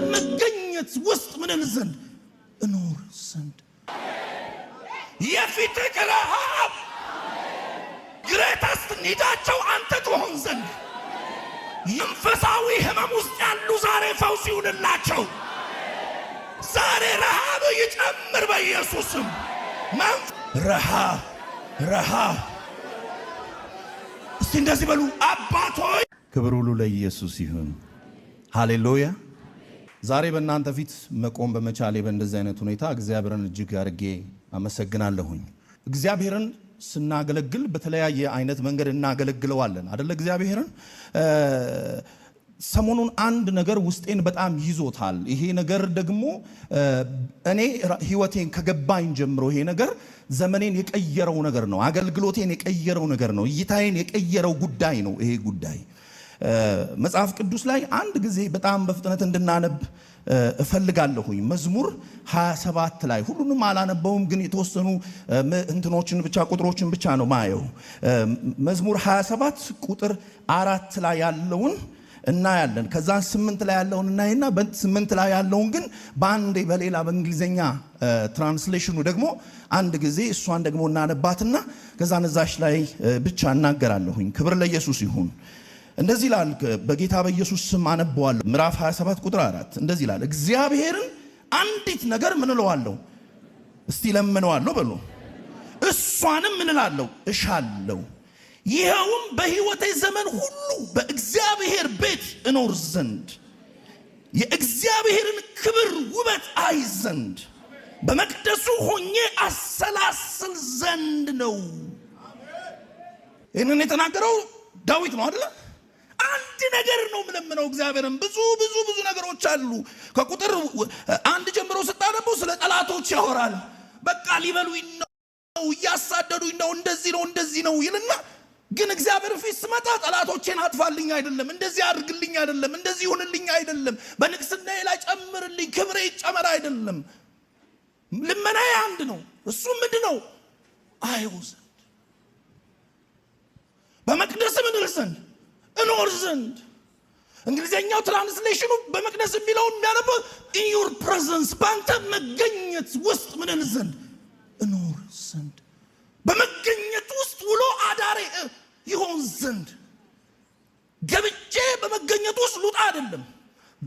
በመገኘት ውስጥ ምንን ዘንድ እኖር ዘንድ የፊትህ ረሃብ ግሬተስት ኒዳቸው አንተ ትሆን ዘንድ መንፈሳዊ ህመም ውስጥ ያሉ ዛሬ ፈውስ ይሁንላቸው። ዛሬ ረሃብ ይጨምር በኢየሱስም ረሃብ ረሃብ እስቲ እንደዚህ በሉ። አባት ሆይ ክብር ሁሉ ለኢየሱስ ይሁን። ሃሌሉያ ዛሬ በእናንተ ፊት መቆም በመቻሌ በእንደዚህ አይነት ሁኔታ እግዚአብሔርን እጅግ አድርጌ አመሰግናለሁኝ። እግዚአብሔርን ስናገለግል በተለያየ አይነት መንገድ እናገለግለዋለን አደለ? እግዚአብሔርን ሰሞኑን አንድ ነገር ውስጤን በጣም ይዞታል። ይሄ ነገር ደግሞ እኔ ሕይወቴን ከገባኝ ጀምሮ ይሄ ነገር ዘመኔን የቀየረው ነገር ነው። አገልግሎቴን የቀየረው ነገር ነው። እይታዬን የቀየረው ጉዳይ ነው ይሄ ጉዳይ መጽሐፍ ቅዱስ ላይ አንድ ጊዜ በጣም በፍጥነት እንድናነብ እፈልጋለሁኝ መዝሙር 27 ላይ ሁሉንም አላነበውም፣ ግን የተወሰኑ እንትኖችን ብቻ ቁጥሮችን ብቻ ነው ማየው። መዝሙር 27 ቁጥር አራት ላይ ያለውን እናያለን። ከዛ ስምንት ላይ ያለውን እናይና ስምንት ላይ ያለውን ግን በአንዴ በሌላ በእንግሊዝኛ ትራንስሌሽኑ ደግሞ አንድ ጊዜ እሷን ደግሞ እናነባትና ከዛ ነዛሽ ላይ ብቻ እናገራለሁኝ። ክብር ለኢየሱስ ይሁን። እንደዚህ ይላል፣ በጌታ በኢየሱስ ስም አነበዋለሁ። ምዕራፍ 27 ቁጥር 4 እንደዚህ ይላል፣ እግዚአብሔርን አንዲት ነገር ምን እለዋለሁ? እስቲ ለምነዋለሁ በሉ። እሷንም ምን እላለሁ? እሻለሁ፣ ይኸውም በሕይወቴ ዘመን ሁሉ በእግዚአብሔር ቤት እኖር ዘንድ የእግዚአብሔርን ክብር ውበት አይ ዘንድ በመቅደሱ ሆኜ አሰላስል ዘንድ ነው። ይህንን የተናገረው ዳዊት ነው አይደለ? አንድ ነገር ነው የምለምነው እግዚአብሔርን። ብዙ ብዙ ብዙ ነገሮች አሉ። ከቁጥር አንድ ጀምሮ ስታነበው ስለ ጠላቶች ያወራል። በቃ ሊበሉኝ ነው፣ እያሳደዱኝ ነው፣ እንደዚህ ነው፣ እንደዚህ ነው ይልና ግን እግዚአብሔር ፊት ስመጣ ጠላቶቼን አጥፋልኝ አይደለም፣ እንደዚህ አድርግልኝ አይደለም፣ እንደዚህ ይሁንልኝ አይደለም፣ በንግስናዬ ላይ ጨምርልኝ፣ ክብሬ ይጨመር አይደለም። ልመናዬ አንድ ነው። እሱ ምንድን ነው? አይሁ ዘንድ በመቅደስ ምድር ዘንድ እኖር ዘንድ እንግሊዝኛው ትራንስሌሽኑ በመቅደስ የሚለውን የሚያነበው ኢንዩር ፕሬዘንስ በአንተ መገኘት ውስጥ ምንል ዘንድ እኖር ዘንድ በመገኘት ውስጥ ውሎ አዳሬ ይሆን ዘንድ ገብቼ በመገኘት ውስጥ ሉጣ አይደለም።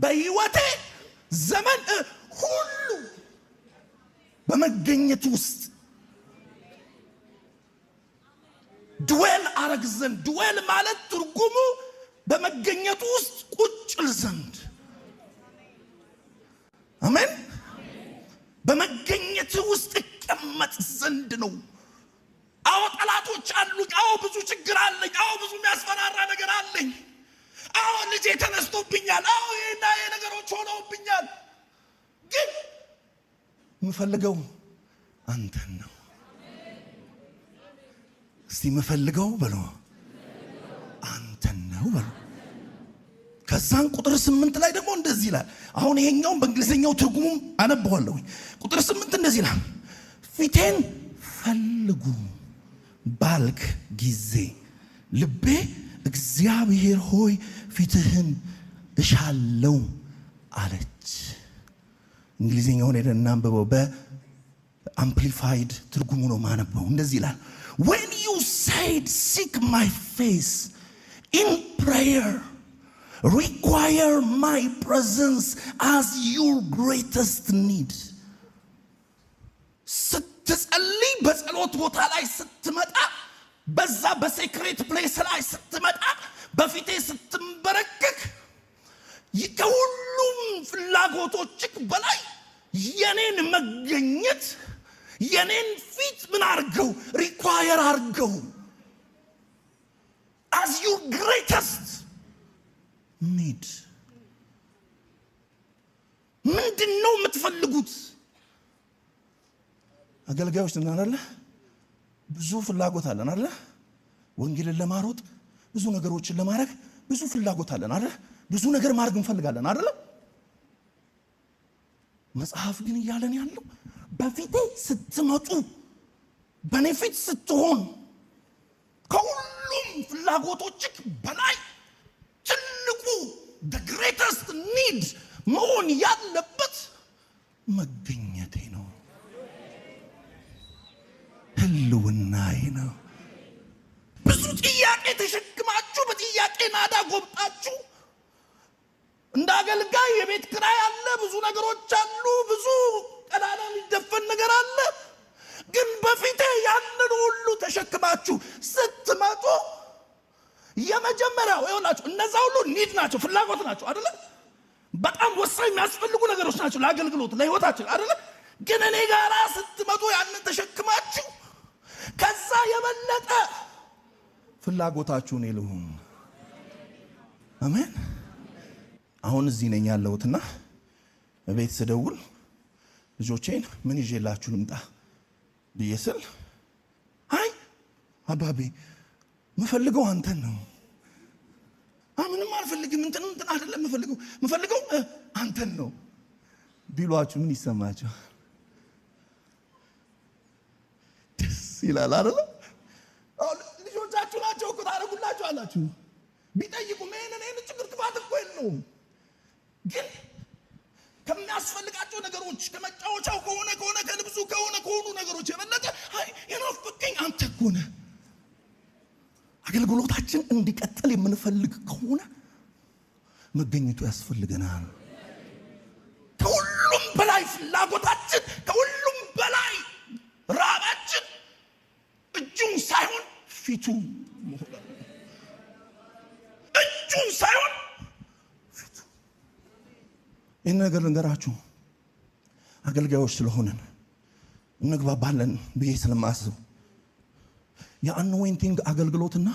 በህይወቴ ዘመን ሁሉ በመገኘት ውስጥ ድዌል አረግ ዘንድ ድዌል ማለት ትርጉሙ በመገኘቱ ውስጥ ቁጭል ዘንድ አሜን። በመገኘት ውስጥ እቀመጥ ዘንድ ነው። አዎ ጠላቶች አሉ። አዎ ብዙ ችግር አለኝ። አዎ ብዙ የሚያስፈራራ ነገር አለኝ። አዎ ልጄ ተነስቶብኛል። አዎ ይህና ይህ ነገሮች ሆነውብኛል። ግን የምፈልገው አንተን ነው። የምፈልገው በሎ አንተን ነው በሎ። ከዛን ቁጥር ስምንት ላይ ደግሞ እንደዚህ ይላል። አሁን ይሄኛውን በእንግሊዝኛው ትርጉሙም አነበዋለሁ። ቁጥር ስምንት እንደዚህ ይላል ፊቴን ፈልጉ ባልክ ጊዜ ልቤ እግዚአብሔር ሆይ ፊትህን እሻለው አለች። እንግሊዝኛውን ሄደን እናንብበው። በአምፕሊፋይድ ትርጉሙ ነው ማነበው። እንደዚህ ይላል When you said, Seek my face in prayer, require my presence as your greatest need ስትጸልይ በጸሎት ቦታ ላይ ስትመጣ በዛ በሴክሬት ፕሌስ ላይ ስትመጣ በፊቴ ስትንበረከክ ከሁሉም ፍላጎቶችክ በላይ የኔን መገኘት የኔን ፊት ምን አርገው ሪኳየር አርገው አዝ ዩር ግሬተስት ኒድ ምንድን ነው የምትፈልጉት? አገልጋዮች ነን አይደለ? ብዙ ፍላጎት አለን አይደለ? ወንጌልን ለማሮጥ ብዙ ነገሮችን ለማድረግ ብዙ ፍላጎት አለን አይደለ? ብዙ ነገር ማድረግ እንፈልጋለን አይደለ? መጽሐፍ ግን እያለን ያለው በፊቴ ስትመጡ በእኔ ፊት ስትሆን ከሁሉም ፍላጎቶችክ በላይ ትልቁ the greatest need መሆን ያለበት መገኘቴ ነው፣ ህልውናዬ ነው። ብዙ ጥያቄ ተሸክማችሁ በጥያቄ ናዳ ጎብጣችሁ ትርኢት ናቸው፣ ፍላጎት ናቸው አደለ? በጣም ወሳኝ የሚያስፈልጉ ነገሮች ናቸው ለአገልግሎት ለህይወታችን አደለ? ግን እኔ ጋራ ስትመጡ ያንን ተሸክማችሁ ከዛ የበለጠ ፍላጎታችሁን የልሁም። አሜን። አሁን እዚህ ነኝ ያለሁትና ቤት ስደውል ልጆቼን ምን ይዤላችሁ ልምጣ ብዬ ስል አይ አባቤ ምፈልገው አንተን ነው ምንም አልፈልግም፣ እንትን እንትን አይደለም የምፈልገው የምፈልገው አንተን ነው ቢሏችሁ ምን ይሰማችሁ? ደስ ይላል አይደለ? ልጆቻችሁ ናቸው እኮ ታደርጉላችሁ አላችሁ። ቢጠይቁ ይህንን ይህን ችግር ክፋት እኮ የለውም ግን ከሚያስፈልጋቸው ነገሮች ከመጫወቻው ከሆነ ከሆነ ከልብሱ ከሆነ ከሆኑ ነገሮች የበለጠ አይ የናፈቀኝ አንተ እኮ ነህ አገልግሎታችን እንዲቀጥል የምንፈልግ ከሆነ መገኘቱ ያስፈልገናል። ከሁሉም በላይ ፍላጎታችን፣ ከሁሉም በላይ ራባችን እጁን ሳይሆን ፊቱ እጁን ሳይሆን ፊቱ። ይህን ነገር ልንገራችሁ አገልጋዮች ስለሆንን እንግባባለን ብዬ ስለማስብ የአንዌንቲንግ አገልግሎትና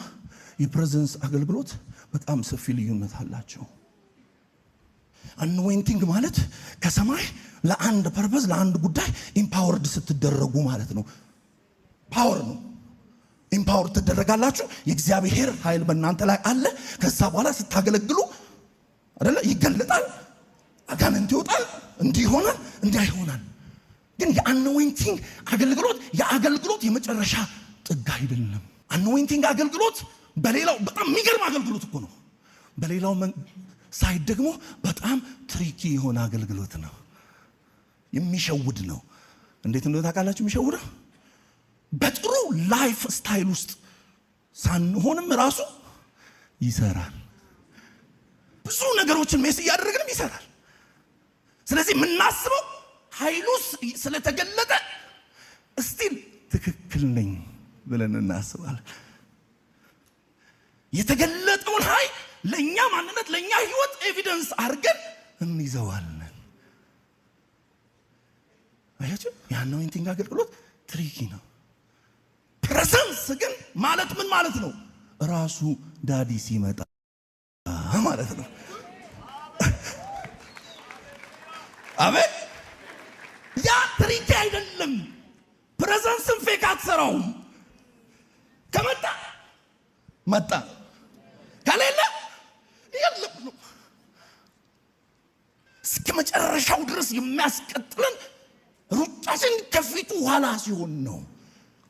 የፕሬዘንስ አገልግሎት በጣም ሰፊ ልዩነት አላቸው። አንዌንቲንግ ማለት ከሰማይ ለአንድ ፐርፐዝ ለአንድ ጉዳይ ኢምፓወርድ ስትደረጉ ማለት ነው። ፓወር ነው። ኢምፓወርድ ትደረጋላችሁ። የእግዚአብሔር ኃይል በእናንተ ላይ አለ። ከዛ በኋላ ስታገለግሉ አይደለ ይገለጣል። አጋንንት ይወጣል። እንዲህ ይሆናል፣ እንዲያ ይሆናል። ግን የአንዌንቲንግ አገልግሎት የአገልግሎት የመጨረሻ ጥግ አይደለም። አኖይንቲንግ አገልግሎት በሌላው በጣም የሚገርም አገልግሎት እኮ ነው። በሌላው ሳይድ ደግሞ በጣም ትሪኪ የሆነ አገልግሎት ነው። የሚሸውድ ነው። እንዴት እንደሆነ ታውቃላችሁ? የሚሸውደው በጥሩ ላይፍ ስታይል ውስጥ ሳንሆንም ራሱ ይሰራል። ብዙ ነገሮችን ሜስ እያደረግንም ይሰራል። ስለዚህ የምናስበው ኃይሉ ስለተገለጠ እስቲል ትክክል ነኝ ብለን እናስባለን። የተገለጠውን ኃይል ለእኛ ማንነት ለእኛ ህይወት ኤቪደንስ አድርገን እንይዘዋለን። አያችሁ፣ የአናውንቲንግ አገልግሎት ትሪኪ ነው። ፕሬዘንስ ግን ማለት ምን ማለት ነው? ራሱ ዳዲ ሲመጣ ማለት ነው። አቤት ያ ትሪኪ አይደለም። ፕሬዘንስን ፌክ አትሰራውም። ከመጣ መጣ፣ ከሌለ የለም ነው። እስከ መጨረሻው ድረስ የሚያስቀጥለን ሩጫችን ከፊቱ ኋላ ሲሆን ነው፣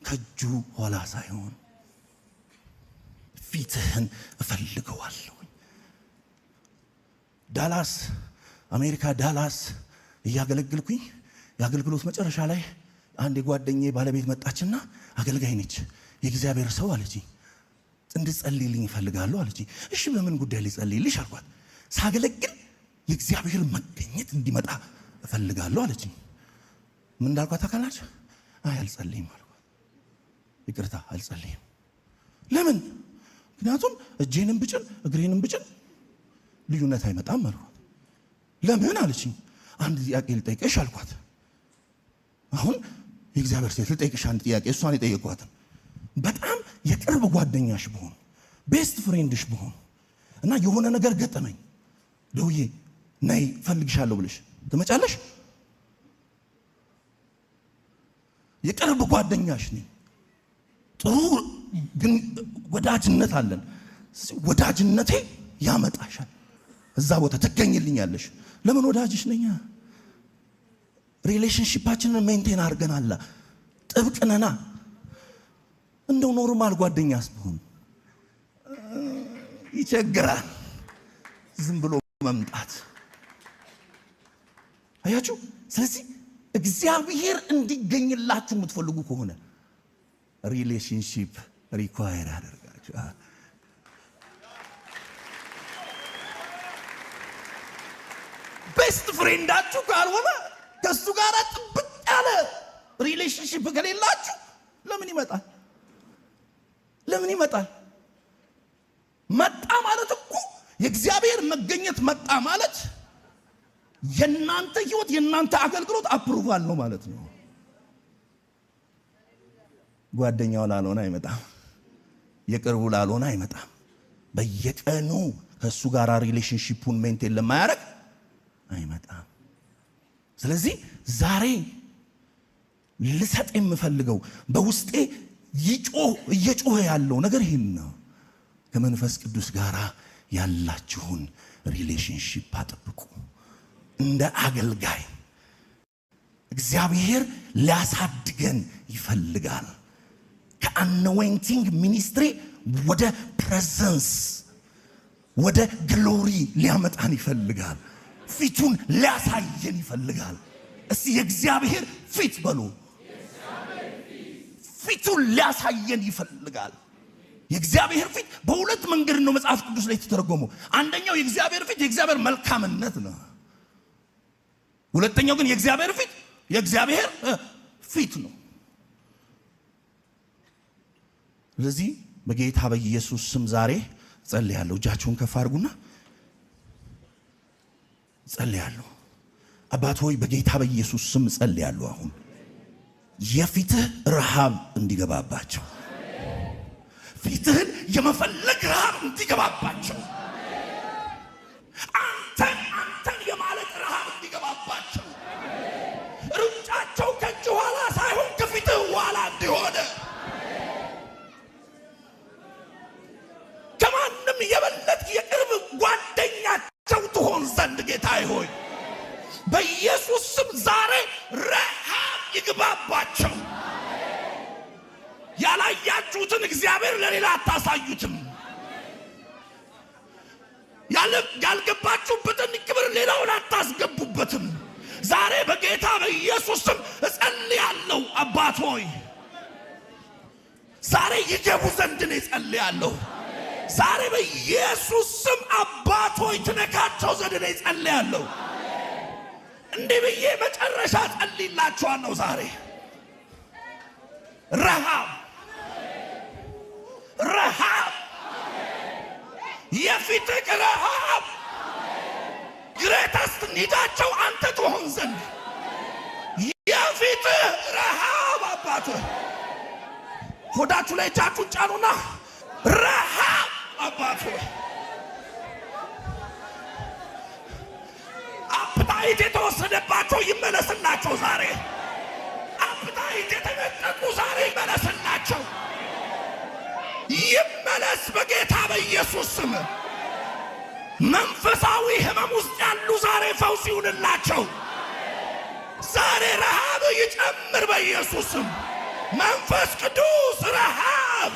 ከእጁ ኋላ ሳይሆን። ፊትህን እፈልገዋለሁ። ዳላስ አሜሪካ ዳላስ እያገለግልኩኝ የአገልግሎት መጨረሻ ላይ አንድ የጓደኛ ባለቤት መጣችና አገልጋይ ነች። የእግዚአብሔር ሰው አለችኝ፣ እንድጸልይልኝ ይፈልጋሉ አለች። እሺ በምን ጉዳይ ሊጸልይልሽ አልኳት። ሳገለግል የእግዚአብሔር መገኘት እንዲመጣ እፈልጋለሁ አለች። ምን እንዳልኳት አካላች አይ አልጸልይም አልኳት። ይቅርታ አልጸልይም። ለምን? ምክንያቱም እጄንም ብጭን እግሬንም ብጭን ልዩነት አይመጣም አልኳት። ለምን አለችኝ። አንድ ጥያቄ ልጠይቅሽ አልኳት። አሁን የእግዚአብሔር ሴት ልጠይቅሽ አንድ ጥያቄ እሷን የጠየኳትን በጣም የቅርብ ጓደኛሽ በሆኑ ቤስት ፍሬንድሽ በሆኑ እና የሆነ ነገር ገጠመኝ ደውዬ ነይ ፈልግሻለሁ ብለሽ ትመጫለሽ? የቅርብ ጓደኛሽ ነኝ። ጥሩ ወዳጅነት አለን። ወዳጅነቴ ያመጣሻል እዛ ቦታ ትገኝልኛለሽ። ለምን ወዳጅሽ ነኛ። ሪሌሽንሽፓችንን ሜንቴን አድርገናላ ጥብቅነና እንደው ኖርማል ጓደኛስ ቢሆን ይቸግራል። ዝም ብሎ መምጣት አያችሁ። ስለዚህ እግዚአብሔር እንዲገኝላችሁ የምትፈልጉ ከሆነ ሪሌሽንሺፕ ሪኳየር ያደርጋችሁ ቤስት ፍሬንዳችሁ ካልሆነ ከእሱ ጋር ጥብቅ ያለ ሪሌሽንሽፕ ከሌላችሁ ለምን ይመጣል? ለምን ይመጣል? መጣ ማለት እኮ የእግዚአብሔር መገኘት መጣ ማለት የእናንተ ህይወት የእናንተ አገልግሎት አፕሩቫል ነው ማለት ነው። ጓደኛው ላልሆነ አይመጣም። የቅርቡ ላልሆነ አይመጣም። በየቀኑ ከእሱ ጋር ሪሌሽንሽፑን ሜንቴን ለማያደርግ አይመጣም። ስለዚህ ዛሬ ልሰጥ የምፈልገው በውስጤ ይጮህ እየጮኸ ያለው ነገር ይህን ነው። ከመንፈስ ቅዱስ ጋር ያላችሁን ሪሌሽንሽፕ አጠብቁ። እንደ አገልጋይ እግዚአብሔር ሊያሳድገን ይፈልጋል። ከአነወይንቲንግ ሚኒስትሪ ወደ ፕሬዘንስ ወደ ግሎሪ ሊያመጣን ይፈልጋል። ፊቱን ሊያሳየን ይፈልጋል። እስቲ የእግዚአብሔር ፊት በሉ። ፊቱን ሊያሳየን ይፈልጋል። የእግዚአብሔር ፊት በሁለት መንገድ ነው መጽሐፍ ቅዱስ ላይ የተተረጎመ አንደኛው የእግዚአብሔር ፊት የእግዚአብሔር መልካምነት ነው። ሁለተኛው ግን የእግዚአብሔር ፊት የእግዚአብሔር ፊት ነው። ስለዚህ በጌታ በኢየሱስ ስም ዛሬ ጸልያለሁ። እጃችሁን ከፍ አድርጉና ጸልያለሁ። አባት ሆይ በጌታ በኢየሱስ ስም ጸልያለሁ አሁን የፊትህ ረሃብ እንዲገባባቸው ፊትህን የመፈለግ ረሃብ እንዲገባባቸው ለሌላ አታሳዩትም። ያልገባችሁበትን ክብር ሌላውን አታስገቡበትም። ዛሬ በጌታ በኢየሱስ ስም እጸልያለሁ። አባት ሆይ ዛሬ ይገቡ ዘንድ ነው እጸልያለሁ። ዛሬ በኢየሱስ ስም አባት ሆይ ትነካቸው ዘንድ ነው እጸልያለሁ። እንዲህ ብዬ መጨረሻ ጸልይላችኋለሁ። ዛሬ ረሃብ ረሃብ፣ የፊትህ ረሃብ ግሬተስት ኒዳቸው አንተ ትሆን ዘንድ የፊትህ ረሃብ አባት ሆዳችሁ ላይ እጃችሁን ጫኑና ረሃብ አባት አፕታይት የተወሰደባቸው ይመለስላቸው ዛሬ። አፕታይት የተነጠቁ ዛሬ ይመለስላቸው። ይመለስ በጌታ በኢየሱስ ስም። መንፈሳዊ ህመም ውስጥ ያሉ ዛሬ ፈውስ ይሁንላቸው። ዛሬ ረሃብ ይጨምር በኢየሱስ ስም። መንፈስ ቅዱስ ረሃብ፣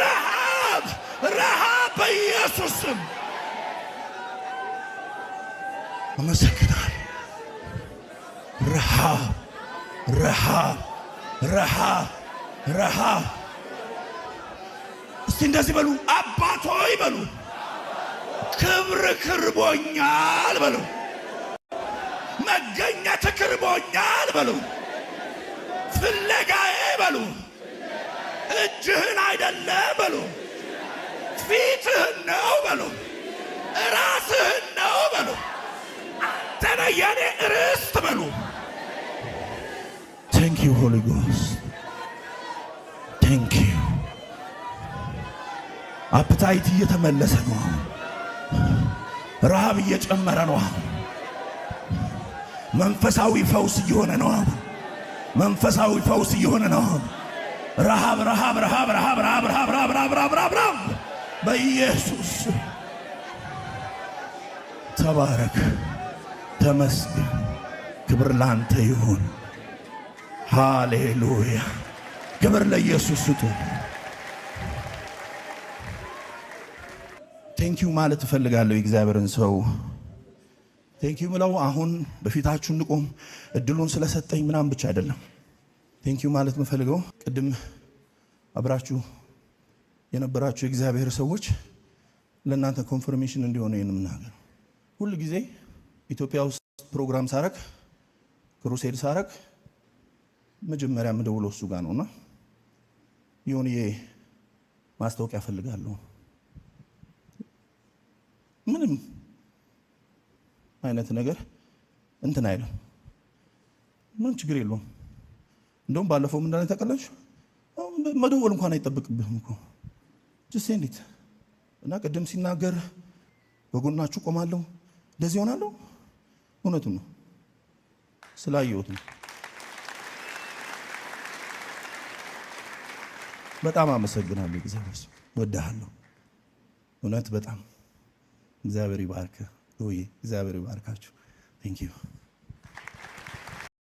ረሃብ፣ ረሃብ በኢየሱስ ስም። አመሰግናል። ረሃብ፣ ረሃብ፣ ረሃብ፣ ረሃብ እስቲ እንደዚህ በሉ፣ አባት ሆይ በሉ፣ ክብር ክርቦኛል በሉ፣ መገኘት ክርቦኛል በሉ፣ ፍለጋዬ በሉ፣ እጅህን አይደለም በሉ፣ ፊትህን ነው በሉ፣ ራስህን ነው በሉ፣ አንተነ የኔ ርስት በሉ። ቴንክ ዩ ሆሊ ጎስት ቴንክ አፕታይት እየተመለሰ ነው። ረሃብ እየጨመረ ነው። መንፈሳዊ ፈውስ እየሆነ ነው። መንፈሳዊ ፈውስ እየሆነ ነው። ረሃብ ረሃብ ረሃብ ረሃብ ረሃብ ረሃብ ረሃብ ረሃብ ረሃብ ረሃብ በኢየሱስ ተባረክ። ተመስገን። ክብር ላንተ ይሁን። ሃሌሉያ። ክብር ለኢየሱስ ስጡ። ቴንኪዩ ማለት እፈልጋለሁ። የእግዚአብሔርን ሰው ቴንኪዩ ምለው አሁን በፊታችሁ እንቆም እድሉን ስለሰጠኝ ምናምን ብቻ አይደለም። ቴንኪዩ ማለት የምፈልገው ቅድም አብራችሁ የነበራችሁ የእግዚአብሔር ሰዎች ለእናንተ ኮንፈርሜሽን እንዲሆነ ይህን ምናገር ሁል ጊዜ ኢትዮጵያ ውስጥ ፕሮግራም ሳረግ ክሩሴድ ሳረግ መጀመሪያ የምደውለው እሱ ጋር ነውና የሆነ ማስታወቂያ እፈልጋለሁ ምንም አይነት ነገር እንትን አይልም። ምንም ችግር የለውም። እንደውም ባለፈው ምንድ ላይ ተቀላችሁ መደወል እንኳን አይጠበቅብህም እኮ ጅሴ እንዴት እና ቅድም ሲናገር በጎናችሁ ቆማለሁ እንደዚህ ሆናለሁ። እውነቱ ነው ስላየሁት ነው። በጣም አመሰግናለሁ። ጊዜ ወዳሃለሁ። እውነት በጣም እግዚአብሔር ይባርክ። እግዚአብሔር ይባርካችሁ። ቴንኪዩ